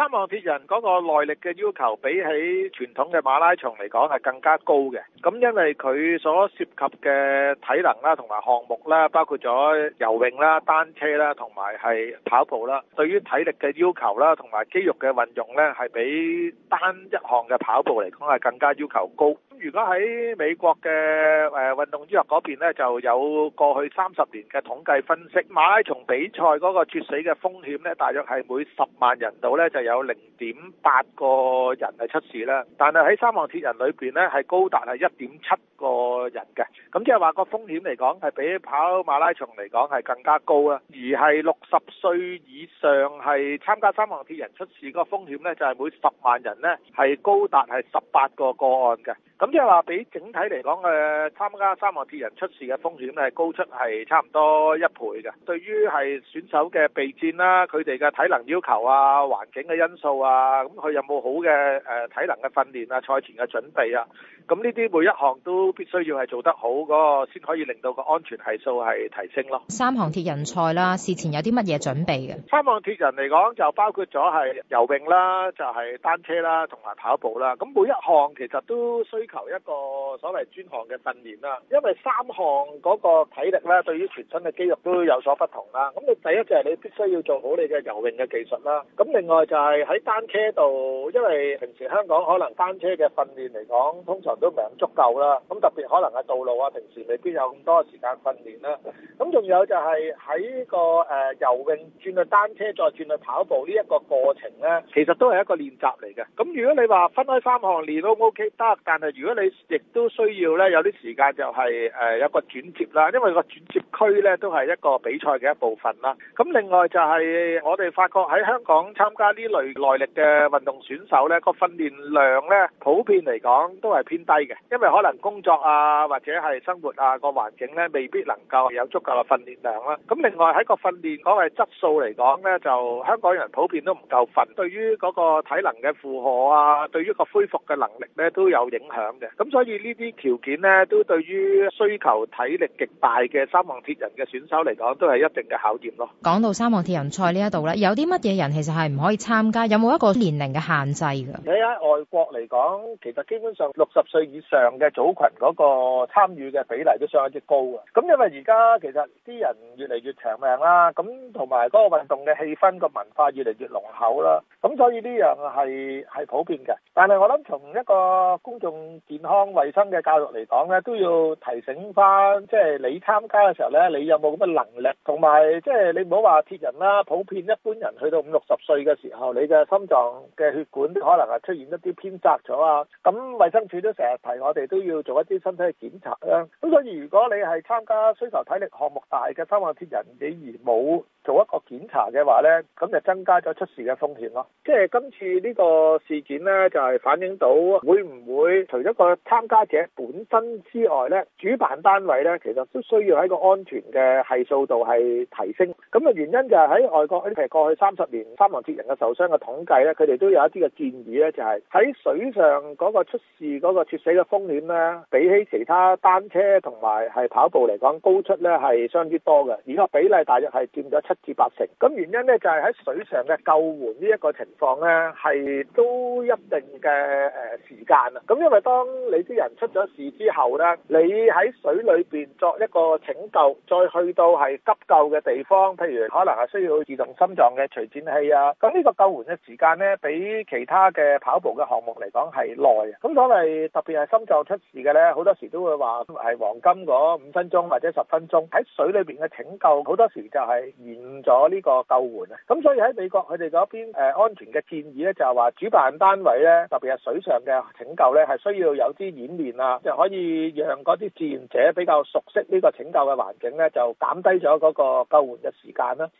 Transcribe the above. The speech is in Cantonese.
三項鐵人嗰個耐力嘅要求，比起傳統嘅馬拉松嚟講係更加高嘅。咁因為佢所涉及嘅體能啦，同埋項目啦，包括咗游泳啦、單車啦，同埋係跑步啦。對於體力嘅要求啦，同埋肌肉嘅運用呢，係比單一項嘅跑步嚟講係更加要求高。咁如果喺美國嘅誒運動醫學嗰邊呢，就有過去三十年嘅統計分析，馬拉松比賽嗰個猝死嘅風險呢，大約係每十萬人度呢就有有零點八個人係出事啦，但係喺三項鐵人裏邊呢，係高達係一點七個人嘅，咁即係話個風險嚟講係比跑馬拉松嚟講係更加高啦。而係六十歲以上係參加三項鐵人出事個風險呢，就係每十萬人呢係高達係十八個個案嘅，咁即係話比整體嚟講嘅參加三項鐵人出事嘅風險呢係高出係差唔多一倍嘅。對於係選手嘅備戰啦，佢哋嘅體能要求啊，環境嘅因素啊，咁佢有冇好嘅誒體能嘅訓練啊？賽前嘅準備啊，咁呢啲每一項都必須要係做得好，嗰個先可以令到個安全係數係提升咯。三項鐵人賽啦，事前有啲乜嘢準備嘅？三項鐵人嚟講就包括咗係游泳啦，就係單車啦，同埋跑步啦。咁每一項其實都需求一個所謂專項嘅訓練啦。因為三項嗰個體力咧，對於全身嘅肌肉都有所不同啦。咁你第一就係你必須要做好你嘅游泳嘅技術啦。咁另外就～係喺單車度，因為平時香港可能單車嘅訓練嚟講，通常都唔係咁足夠啦。咁特別可能係道路啊，平時未必有咁多時間訓練啦。咁仲有就係喺個誒游泳轉去單車再轉去跑步呢一個過程呢，其實都係一個練習嚟嘅。咁如果你話分開三項練都 OK 得，但係如果你亦都需要呢有啲時間就係誒有個轉接啦，因為個轉接區呢都係一個比賽嘅一部分啦。咁另外就係我哋發覺喺香港參加呢。類耐力嘅運動選手咧，個訓練量咧普遍嚟講都係偏低嘅，因為可能工作啊或者係生活啊個環境咧未必能夠有足夠嘅訓練量啦。咁另外喺個訓練嗰個質素嚟講咧，就香港人普遍都唔夠瞓，對於嗰個體能嘅負荷啊，對於個恢復嘅能力咧都有影響嘅。咁所以呢啲條件咧都對於需求體力極大嘅三項鐵人嘅選手嚟講，都係一定嘅考驗咯。講到三項鐵人賽呢一度咧，有啲乜嘢人其實係唔可以參？參加有冇一個年齡嘅限制噶？你喺外國嚟講，其實基本上六十歲以上嘅組群嗰個參與嘅比例都相當之高嘅。咁因為而家其實啲人越嚟越長命啦，咁同埋嗰個運動嘅氣氛個文化越嚟越濃厚啦，咁所以呢樣係係普遍嘅。但係我諗從一個公眾健康衛生嘅教育嚟講咧，都要提醒翻，即係你參加嘅時候咧，你有冇咁嘅能力，同埋即係你唔好話鐵人啦，普遍一般人去到五六十歲嘅時候。你嘅心臟嘅血管可能係出現一啲偏窄咗啊，咁衛生署都成日提，我哋都要做一啲身體嘅檢查啊。咁所以如果你係參加需求體力項目大嘅，三項鐵人，你而冇做一個檢查嘅話呢，咁就增加咗出事嘅風險咯。即係今次呢個事件呢，就係、是、反映到會唔會除咗個參加者本身之外呢，主辦單位呢其實都需要喺個安全嘅係數度係提升。咁嘅原因就係喺外國，譬如過去三十年三項鐵人嘅受傷嘅統計呢，佢哋都有一啲嘅建議呢、就是，就係喺水上嗰個出事嗰個猝死嘅風險呢，比起其他單車同埋係跑步嚟講，高出呢係相當多嘅。而個比例大約係佔咗七至八成，咁原因咧就係喺水上嘅救援呢一個情況咧，係都一定嘅誒時間啊。咁因為當你啲人出咗事之後咧，你喺水裏邊作一個拯救，再去到係急救嘅地方，譬如可能係需要去自動心臟嘅除顫器啊。咁呢個救援嘅時間咧，比其他嘅跑步嘅項目嚟講係耐啊。咁所以特別係心臟出事嘅咧，好多時都會話係黃金嗰五分鐘或者十分鐘喺水裏邊嘅拯救，好多時就係延誤咗呢個救援啊，咁所以喺美國邊，佢哋嗰邊誒安全嘅建議咧，就係話主辦單位咧，特別係水上嘅拯救咧，係需要有啲演練啊，就可以讓嗰啲志願者比較熟悉呢個拯救嘅環境咧，就減低咗嗰個救援嘅時間啦。